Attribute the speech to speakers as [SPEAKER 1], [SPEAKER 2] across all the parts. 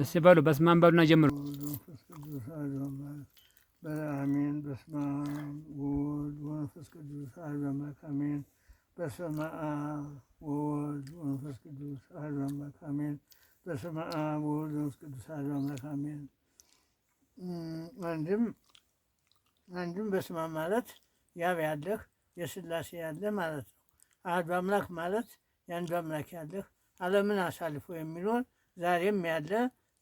[SPEAKER 1] እስቲ በሉ በስመ አብ በሉና ጀምሩ።
[SPEAKER 2] አሜን። በስመ አብ ወወልድ ወመንፈስ ቅዱስ አሐዱ አምላክ አሜን። በስመ አብ ወወልድ ወመንፈስ ቅዱስ አሐዱ አምላክ አሜን። በስመ አብ ወወልድ ወመንፈስ ቅዱስ አሐዱ አምላክ አሜን። አንድም አንድም በስመ አብ ማለት ያብ ያለህ የስላሴ ያለ ማለት ነው። አሐዱ አምላክ ማለት የአንዱ አምላክ ያለህ ዓለምን አሳልፎ የሚሆን ዛሬም ያለ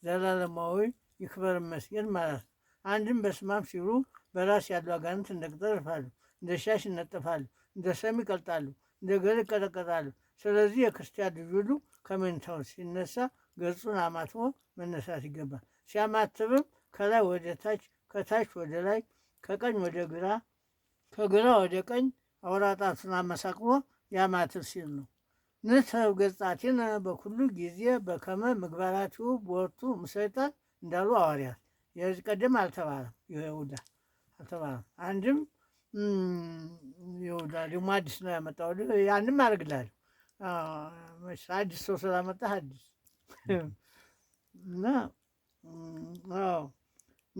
[SPEAKER 2] ዘላለማዊ ይክበር ይመስገን ማለት ነው። አንድም በስማም ሲሉ በራስ ያሉ አጋንንት እንደ ቅጠል ይርፋሉ፣ እንደ ሻሽ ይነጠፋሉ፣ እንደ ሰም ይቀልጣሉ፣ እንደ ገል ይቀጠቀጣሉ። ስለዚህ የክርስቲያን ልጅ ሁሉ ከመኝታው ሲነሳ ገጹን አማትቦ መነሳት ይገባል። ሲያማትብም ከላይ ወደ ታች፣ ከታች ወደ ላይ፣ ከቀኝ ወደ ግራ፣ ከግራ ወደ ቀኝ አውራ ጣቱን አመሳቅሎ ያማትብ ሲል ነው። ንሰብ ገጻቲነ በኩሉ ጊዜ በከመ ምግባራችሁ ቦቱ እምሰይጣን እንዳሉ ሐዋርያት የዚ ቀደም አልተባለም። ይሁዳ አልተባለም። አንድም ይሁዳ ደግሞ አዲስ ነው ያመጣው። አንድም አደርግልሃለሁ አዲስ ሰው ስላመጣ አዲስ እና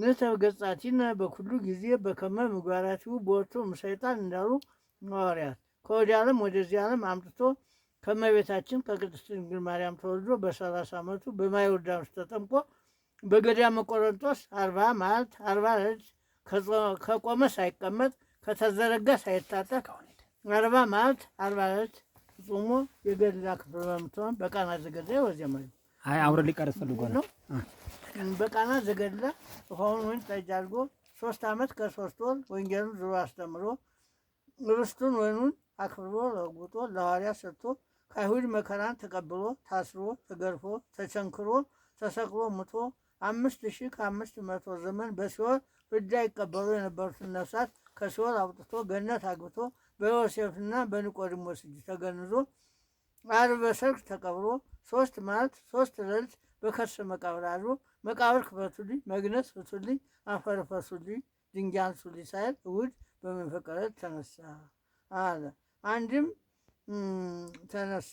[SPEAKER 2] ንሰብ ገጻቲነ በኩሉ ጊዜ በከመ ምግባራችሁ ቦቱ ምሰይጣን እንዳሉ ሐዋርያት ከወዲህ ዓለም ወደዚህ ዓለም አምጥቶ ከመቤታችን ከቅድስት ድንግል ማርያም ተወልዶ በሰላሳ ዓመቱ በማዮርዳኖስ ተጠምቆ በገዳመ ቆሮንቶስ አርባ መዓልት አርባ ሌሊት ከቆመ ሳይቀመጥ ከተዘረጋ ሳይታጠቅ አርባ መዓልት አርባ ሌሊት ጾሞ የገድላ ክፍል በምትሆን በቃና ዘገድላ ወዚያ ማለት
[SPEAKER 1] አይ አውረ ሊቀርስ ፈልጎ ነው።
[SPEAKER 2] በቃና ዘገድላ ውሃውን ወይን ጠጅ አድርጎ ሶስት ዓመት ከሶስት ወር ወንጌሉን ዝሮ አስተምሮ ርስቱን ወይኑን አክብሮ ለውጦ ለሐዋርያ ሰጥቶ ከአይሁድ መከራን ተቀብሎ ታስሮ ተገርፎ ተቸንክሮ ተሰቅሎ ሙቶ አምስት ሺህ ከአምስት መቶ ዘመን በሲኦል ፍዳ ይቀበሉ የነበሩትን ነፍሳት ከሲኦል አውጥቶ ገነት አግብቶ በዮሴፍና በኒቆዲሞስ እጅ ተገንዞ ዓርብ በሰርክ ተቀብሮ ሶስት ማለት ሶስት ሌሊት በከርሰ መቃብር አድሮ መቃብር ክፈቱልኝ፣ መግነት ፍቱልኝ፣ አፈር ፈሱልኝ፣ ድንጋይ አንሱልኝ ሳይል እሑድ በመንፈቀ ሌሊት ተነሳ አለ አንድም ተነሳ።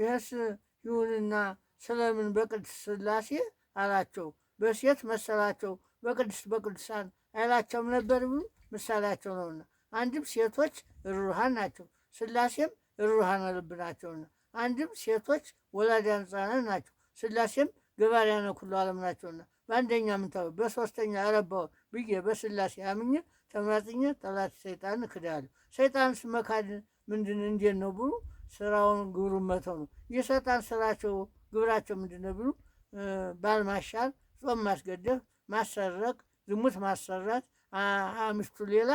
[SPEAKER 2] ይህስ ይሁንና ስለምን በቅድስት ሥላሴ አላቸው? በሴት መሰላቸው በቅድስት በቅዱሳን አይላቸውም ነበር ብሎ ምሳሌያቸው ነውና፣ አንድም ሴቶች ርሩሃን ናቸው፣ ሥላሴም ርሩሃን ልብ ናቸውና፣ አንድም ሴቶች ወላዲያን ሕፃናን ናቸው፣ ሥላሴም ገባሪያነ ኩሉ ዓለም ናቸውና፣ በአንደኛ ምንታዊ በሶስተኛ ረባው ብዬ በሥላሴ አምኜ ተመራጭነት ጠላት ሰይጣን እክዳለሁ። ሰይጣን ስመካድ ምንድን እንዴት ነው ብሉ ስራውን ግብሩ መተው ነው። የሰይጣን ስራቸው ግብራቸው ምንድን ነው ብሉ ባል ማሻር፣ ጾም ማስገደፍ፣ ማሰረቅ፣ ዝሙት ማሰራት፣ አምስቱ ሌላ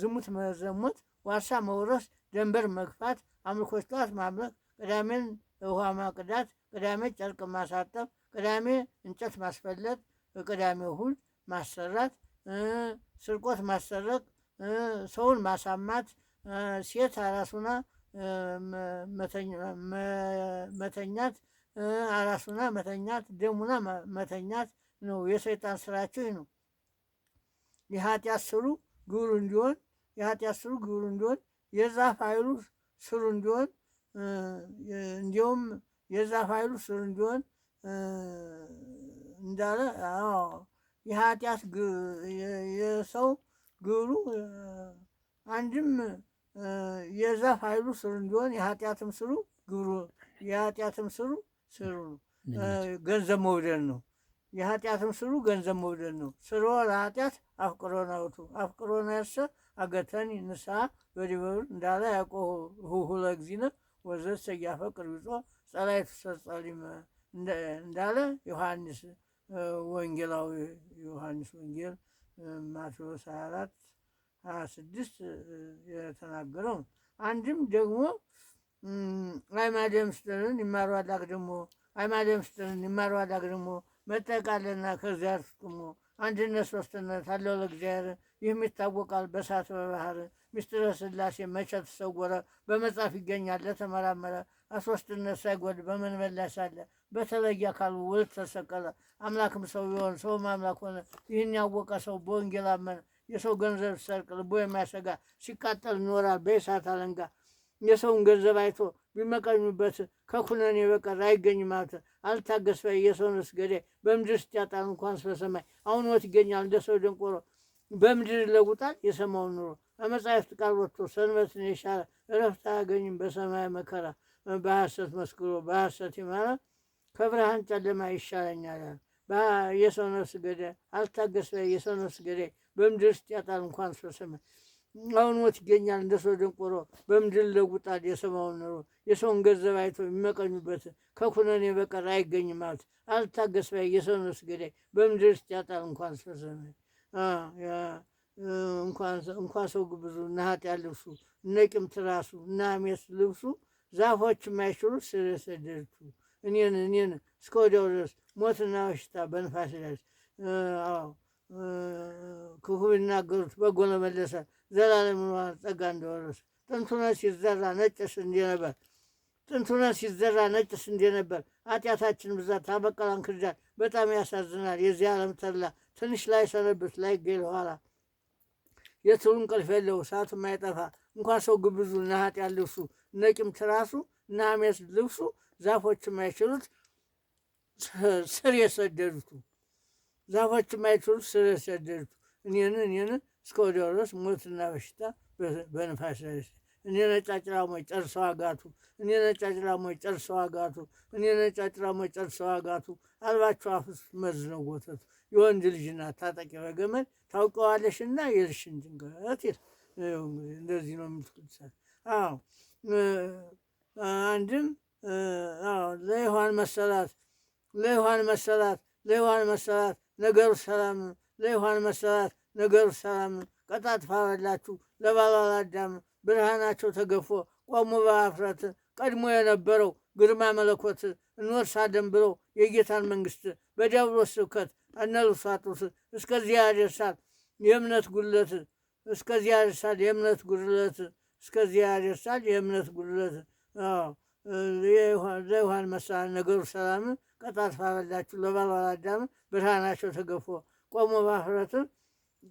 [SPEAKER 2] ዝሙት መዘሞት፣ ዋሳ መውረስ፣ ደንበር መግፋት፣ አምልኮች ጠዋት ማምለክ፣ ቅዳሜን ውሃ ማቅዳት፣ ቅዳሜ ጨርቅ ማሳጠብ፣ ቅዳሜ እንጨት ማስፈለጥ፣ ቅዳሜ እሑድ ማሰራት ስርቆት ማሰረቅ፣ ሰውን ማሳማት፣ ሴት አራሱና መተኛት አራሱና መተኛት ደሙና መተኛት ነው። የሰይጣን ስራቸው ነው። የኃጢአት ስሩ ግብሩ እንዲሆን የኃጢአት ስሩ ግብሩ እንዲሆን የዛፍ ኃይሉ ስሩ እንዲሆን እንዲሁም የዛፍ ኃይሉ ስሩ እንዲሆን እንዳለ የኃጢአት የሰው ግብሩ አንድም የዛፍ ኃይሉ ስሩ እንዲሆን የኃጢአትም ስሩ ግብሩ የኃጢአትም ስሩ ስሩ ገንዘብ መውደድ ነው። የኃጢአትም ስሩ ገንዘብ መውደድ ነው። ስሮ ለኃጢአት አፍቅሮናውቱ አፍቅሮና ያሰ አገተኒ ንስሐ በዲበብር እንዳለ ያቆ ሁሁለ ጊዜነ ወዘሰ እያፈቅር ቢጾ ጸላይ ሰጸሊመ እንዳለ ዮሐንስ ወንጌላዊ ዮሐንስ ወንጌል ማቴዎስ 24 26 የተናገረው አንድም ደግሞ አይማደም ይማሩ አዳግ ደግሞ አይማደም አዕማደ ይማሩ አዳግ ደግሞ መጠቃለና ከዚያ አስቁሞ አንድነት ሶስትነት አለው ለእግዚአብሔር ይህም ይታወቃል በእሳት በባህር ምስጢረ ስላሴ መቼ ተሰወረ በመጽሐፍ ይገኛል ለተመራመረ አሶስትነት ሳይጎል በመንበላሽ አለ በተለየ አካል ወልድ ተሰቀለ፣ አምላክም ሰው ይሆን፣ ሰውም አምላክ ሆነ። ይህን ያወቀ ሰው በወንጌል አመነ። የሰው ገንዘብ ሰርቅ ልቦ የሚያሰጋ ሲቃጠል ይኖራል በእሳት አለንጋ። የሰውን ገንዘብ አይቶ ቢመቀኙበት ከኩነኔ በቀር አይገኝም ሀብት። አልታገስ ባይ የሰውን ስገዴ ገዳይ በምድር ስትያጣል እንኳን ስለሰማይ አሁን ወት ይገኛል እንደ ሰው ደንቆሮ በምድር ይለውጣል የሰማውን ኑሮ በመጽሐፍት ቃል ወጥቶ ሰንበትን የሻረ እረፍት አያገኝም በሰማይ መከራ በሐሰት መስክሮ በሐሰት ይማራል። ከብርሃን ጨለማ ይሻለኛል። የሰው ነፍስ ገዳይ አልታገስ የሰው ነፍስ ገዳይ በምድር ውስጥ ያጣል እንኳን ሰው ስም አሁን ሞት ይገኛል እንደ ሰው ደንቆሮ በምድር ለጉጣል የሰማውን ኑሮ የሰውን ገንዘብ አይቶ የሚመቀኙበት ከኩነኔ በቀር አይገኝም ማለት አልታገስ በ የሰው ነፍስ ገዳይ በምድር ውስጥ ያጣል እንኳን ሰው ስም እንኳን ሰው ግብዙ እነ ኃጢአት ልብሱ እነ ቂም እነ አሜስ ልብሱ ዛፎች የማይችሉ ስለሰደድቱ እኔን እኔን እስከ ወዲያው ድረስ ሞትና በሽታ በንፋስ ላይ ክፉ ይናገሩት በጎ ለመለሰ ዘላለም ኖሯል ጸጋ እንደወረሰ ጥንቱነ ሲዘራ ነጭ ስንዴ ነበር። ጥንቱነ ሲዘራ ነጭ ስንዴ ነበር። ኃጢአታችን ብዛት አበቀላን ክርዳት በጣም ያሳዝናል። የዚህ ዓለም ተድላ ትንሽ ላይ ሰነብት ላይ ገል ኋላ የትሉ እንቅልፍ የለው ሰዓቱ ማይጠፋ እንኳን ሰው ግብዙ እና ኃጢአት ልብሱ ነቂም ትራሱ እና አሜስ ልብሱ ዛፎች የማይችሉት ስር የሰደዱት ዛፎች የማይችሉት ስር የሰደዱት እኔን እኔን እስከ ወዲያው ድረስ ሞትና በሽታ በንፋስ ላይ እኔ ነጫጭላሞች ጨርሰው አጋቱ እኔ ነጫጭላሞች ጨርሰው አጋቱ እኔ ነጫጭላሞች ጨርሰው አጋቱ አልባቸው አፍስ መዝ ነው ወተቱ የወንድ ልጅና ታጠቂ በገመድ ታውቀዋለሽና የልሽን ድንገት እንደዚህ ነው የምትልሳል። አዎ አንድም ለይኋን መሰላት ለይኋን መሰላት ለይኋን መሰላት ነገሩ ሰላም ነው። ለይኋን መሰላት ነገሩ ሰላም ነው። ቀጣጥፋ በላችሁ ለባሏ ለአዳም ብርሃናቸው ተገፎ ቆሙ በአፍረት ቀድሞ የነበረው ግርማ መለኮት እንወርሳ እንወርሳለን ብሎ የጌታን መንግስት በዲያብሎስ ስብከት እነልሳጡት እስከዚያ ያደርሳል የእምነት ጉድለት እስከዚያ ያደርሳል የእምነት ጉድለት እስከዚያ ያደርሳል የእምነት ጉድለት ዘይሆን መሰላል ነገሩ ሰላምን ቀጣት ፋበላችሁ ለባል አዳምን ብርሃናቸው ተገፎ ቆሞ ባፍረትን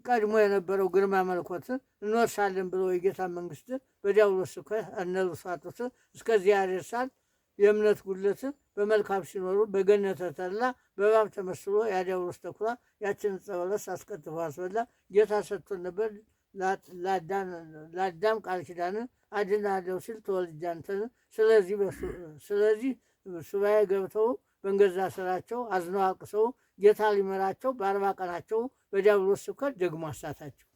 [SPEAKER 2] ቀድሞ የነበረው ግርማ መልኮትን እንወርሳለን ብሎ የጌታ መንግስትን በዲያብሎስ ስኮ እነርሳቱትን እስከዚህ ያደርሳል። የእምነት ጉድለትን በመልካም ሲኖሩ በገነተ ተላ በባብ ተመስሎ የዲያብሎስ ተኩላ ያችን ጸበለስ አስቀጥፎ አስበላ። ጌታ ሰጥቶን ነበር። ለአዳም ቃል ኪዳንን አድናለሁ ሲል ተወልጄ አንተን። ስለዚህ ሱባኤ ገብተው በንገዛ ስራቸው አዝነው አልቅሰው ጌታ ሊመራቸው በአርባ ቀናቸው በዲያብሎስ ስብከት ደግሞ አሳታቸው።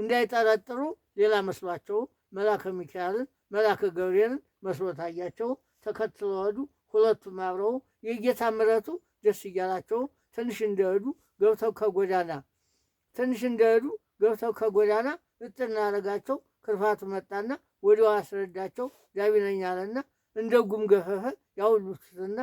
[SPEAKER 2] እንዳይጠረጥሩ ሌላ መስሏቸው መልአከ ሚካኤልን መላከ ገብርኤልን መስሎ ታያቸው። ተከትለው ሄዱ። ሁለቱም አብረው የጌታ ምረቱ ደስ እያላቸው ትንሽ እንደሄዱ ገብተው ከጎዳና ትንሽ እንደሄዱ ገብተው ከጎዳና እጥናረጋቸው ክርፋቱ መጣና ወዲያው አስረዳቸው። ዳቢነኛ አለና እንደ ጉም ገፈፈ ያውሉትና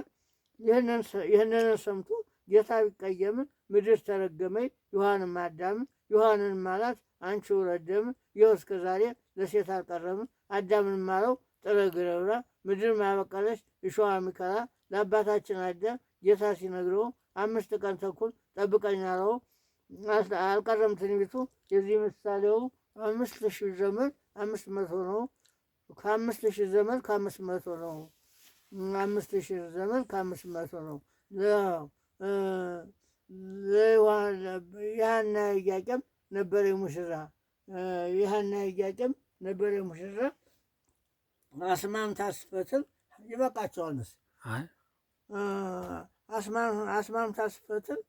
[SPEAKER 2] ይህንን ሰምቶ ጌታ ቢቀየምን ምድር ተረገመኝ ዮሐንም አዳም ዮሐንን ማላት አንቺ ውረደምን ይኸው እስከ ዛሬ ለሴት አልቀረምን አዳምን ማለው ጥረ ግረብራ ምድር ማበቀለች እሾህ ሚከራ ለአባታችን አዳም ጌታ ሲነግረው አምስት ቀን ተኩል ጠብቀኝ አለው። አልቀረም ትንቢቱ። የዚህ ምሳሌው አምስት ሺህ ዘመን አምስት መቶ ነው። ከአምስት ሺህ ዘመን ከአምስት መቶ ነው። አምስት ሺህ ዘመን ከአምስት መቶ ነው። ያህና እያቄም ነበረ ሙሽራ ያህና እያቄም ነበረ ሙሽራ አስማም ታስፈትል ይበቃቸዋልስ አስማም ታስፈትል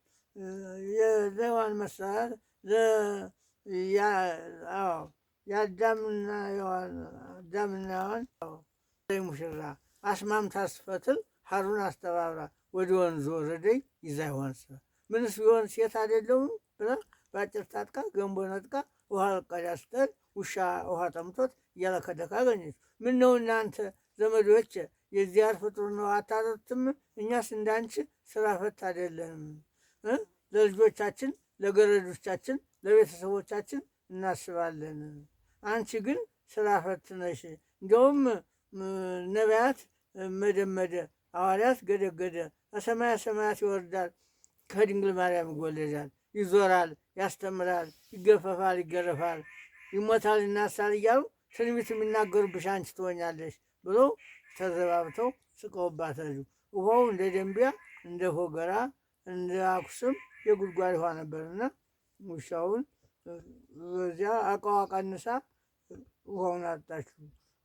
[SPEAKER 2] በሆን መሰረት የአዳምና ሔዋን አዳምና ሔዋን ሙሽራ አስማምታ ስትፈትል ሀሩን አስተባብራ ወደ ወንዝ ወረደኝ ይዛ ይሆን ስ ምንስ ቢሆን ሴት አይደለሁም ብላ በአጭር ታጥቃ ገንቦ ነጥቃ ውሃ ለቀዳ ስትል ውሻ ውሃ ጠምቶት እያለከደካ አገኘች። ምን ነው እናንተ ዘመዶች የዚያር ፍጡር ነው አታረትም? እኛስ እንዳንቺ ስራ ፈት አይደለንም። ለልጆቻችን ለገረዶቻችን፣ ለቤተሰቦቻችን እናስባለን። አንቺ ግን ስራ ፈትነሽ ነሽ። እንዲያውም ነቢያት መደመደ፣ ሐዋርያት ገደገደ፣ ከሰማያ ሰማያት ይወርዳል፣ ከድንግል ማርያም ይወለዳል፣ ይዞራል፣ ያስተምራል፣ ይገፈፋል፣ ይገረፋል፣ ይሞታል፣ ይናሳል እያሉ ትንቢት የሚናገሩብሽ አንቺ ትሆኛለሽ ብሎ ተዘባብተው ስቀውባታሉ። ውሃው እንደ ደንቢያ እንደ ፎገራ እንደ አኩስም የጉድጓድ ውሃ ነበርና ውሻውን በዚያ አቃዋ ቀንሳ ውሃውን አጣችሁ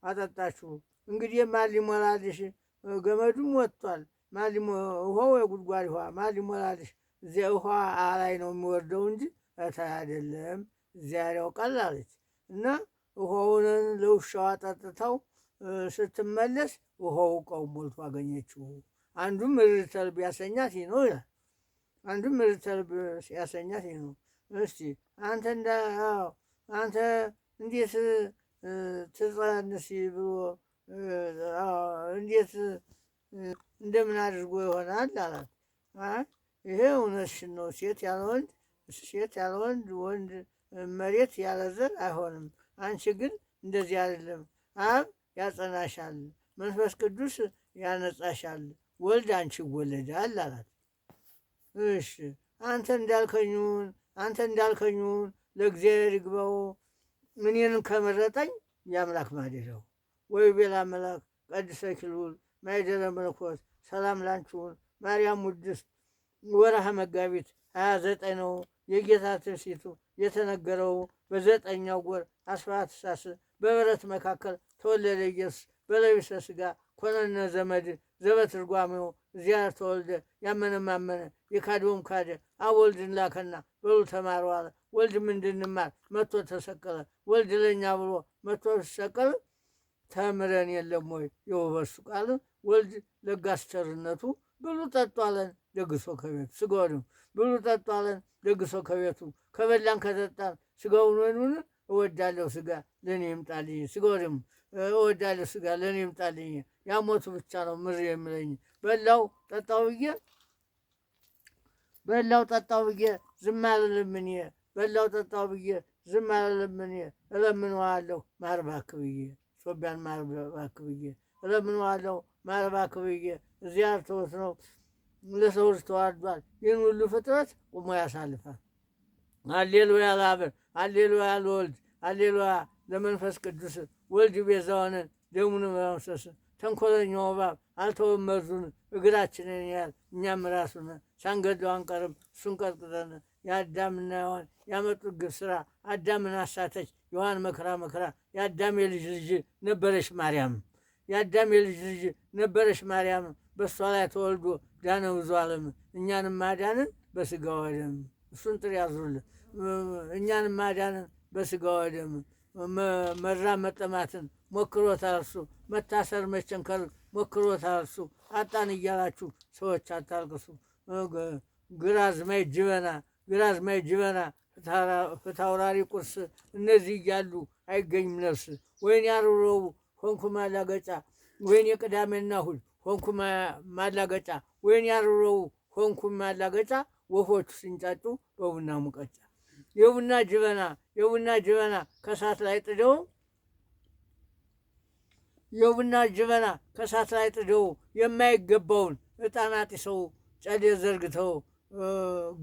[SPEAKER 2] አጠጣችሁ። እንግዲህ ማን ሊሞላልሽ? ገመዱም ወጥቷል። ማን ውሃው የጉድጓድ ውሃ ማን ሊሞላልሽ? እዚያ ውሃ አላይ ነው የሚወርደው እንጂ እታይ አይደለም። እዚያ ያውቃል አለች እና ውሃውን ለውሻው አጠጥተው ስትመለስ ውሃው ቀው ሞልቶ አገኘችው። አንዱም እርተል ቢያሰኛት ይኖ ይላል አንዱም ርተርብ ያሰኛት ይህ ነው። እስቲ አንተ እንዳ አንተ እንዴት ትጸንስ ብሎ እንዴት እንደምን አድርጎ ይሆናል አላት። ይሄ እውነትሽን ነው። ሴት ያለ ወንድ ሴት ያለ ወንድ ወንድ መሬት ያለ ዘር አይሆንም። አንቺ ግን እንደዚህ አይደለም። አብ ያጸናሻል፣ መንፈስ ቅዱስ ያነጻሻል፣ ወልድ አንቺ ይወለዳል አላት። እሺ አንተ እንዳልከኙን አንተ እንዳልከኙን ለእግዚአብሔር ይግባው። ምንን ከመረጠኝ የአምላክ ማደሪያው ወይ ቤላ መላክ ቀድሰ ኪሉል ማይደረ መለኮት ሰላም ላንችሁን ማርያም ውድስ ወረሃ መጋቢት ሀያ ዘጠኝ ነው የጌታ ትንሣኤ የተነገረው። በዘጠኛው ወር አስራት ሳስ በበረት መካከል ተወለደ ኢየሱስ በለቢሰ ስጋ ኮነነ ዘመድ ዘበትርጓሜው እግዚአብሔር ተወልደ ያመነ ማመነ የካደውም ካደ። አብ ወልድን ላከና በሉ ተማሩ አለ። ወልድም እንድንማር መጥቶ ተሰቀለ። ወልድ ለኛ ብሎ መጥቶ ተሰቀለ። ተምረን የለም ወይ የውበሱ ቃል ወልድ ለጋስተርነቱ ብሉ ጠጧለን ደግሶ ከቤቱ ስጋውንም ብሉ ጠጧለን ደግሶ ከቤቱ ከበላን ከጠጣን ስጋውን ወይኑን እወዳለሁ ስጋ ለእኔ ይምጣልኝ ስጋው እወዳለሁ ስጋ ለእኔ ይምጣልኝ። ያ ሞቱ ብቻ ነው ምር የምለኝ። በላው ጠጣው ብዬ በላው ጠጣው ብዬ ዝም አልልም እኔ በላው ጠጣው ብዬ ዝም አልልም እኔ እለምነዋለሁ ማር እባክህ ብዬ ሶቢያን ማር እባክህ ብዬ እለምነዋለሁ ማር እባክህ ብዬ እዚያ ተወት ነው ለሰው ልጅ ተዋርዷል። ይህን ሁሉ ፍጥረት ቁሞ ያሳልፋል። አሌሉያ ለአብ አሌሉያ ለወልድ አሌሉያ ለመንፈስ ቅዱስ ወልድ ቤዛዋንን ደሙን በመፍሰስን ተንኮለኛው እባብ አልተወም መርዙን እግራችንን ያል እኛም ራሱን ሳንገድለው አንቀርም እሱን ቀጥቅጠን የአዳምና ሔዋን ያመጡት ግብ ስራ አዳምን አሳተች። የዋን መከራ መከራ የአዳም የልጅ ልጅ ነበረች ማርያም የአዳም የልጅ ልጅ ነበረች ማርያም በእሷ ላይ ተወልዶ ዳነ ብዙ ዓለም እኛንም ማዳንን በስጋ ወደም እሱን ጥሪ ያዙል እኛንም ማዳንን በስጋ ወደም መራ መጠማትን ሞክሮታል እሱ። መታሰር መቸንከር ሞክሮታል እሱ። አጣን እያላችሁ ሰዎች አታልቅሱ። ግራዝማይ ጅበና ግራዝማይ ጅበና ፍታውራሪ ቁርስ እነዚህ እያሉ አይገኝም ነፍስ። ወይን ያሩረቡ ሆንኩ ማላገጫ ወይን የቅዳሜና እሑድ ሆንኩ ማላገጫ ወይን ያሩረቡ ሆንኩ ማላገጫ ወፎቹ ሲንጫጩ በቡና ሙቀጫ የቡና ጀበና የቡና ጀበና ከእሳት ላይ ጥደው የቡና ጀበና ከእሳት ላይ ጥደው የማይገባውን ዕጣን አጢሰው ጨሌ ዘርግተው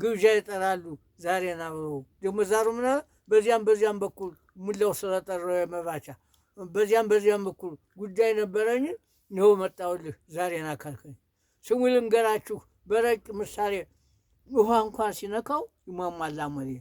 [SPEAKER 2] ግብዣ ይጠራሉ። ዛሬ ናብረው ደግሞ ዛሩ ምነ በዚያም በዚያም በኩል ሙላው ስለጠራው የመባቻ በዚያም በዚያም በኩል ጉዳይ ነበረኝ፣ ይኸው መጣሁልህ። ዛሬን አካልከኝ። ስሙ ልንገራችሁ በረቅ ምሳሌ ውሃ እንኳን ሲነካው ይሟሟላ መሬ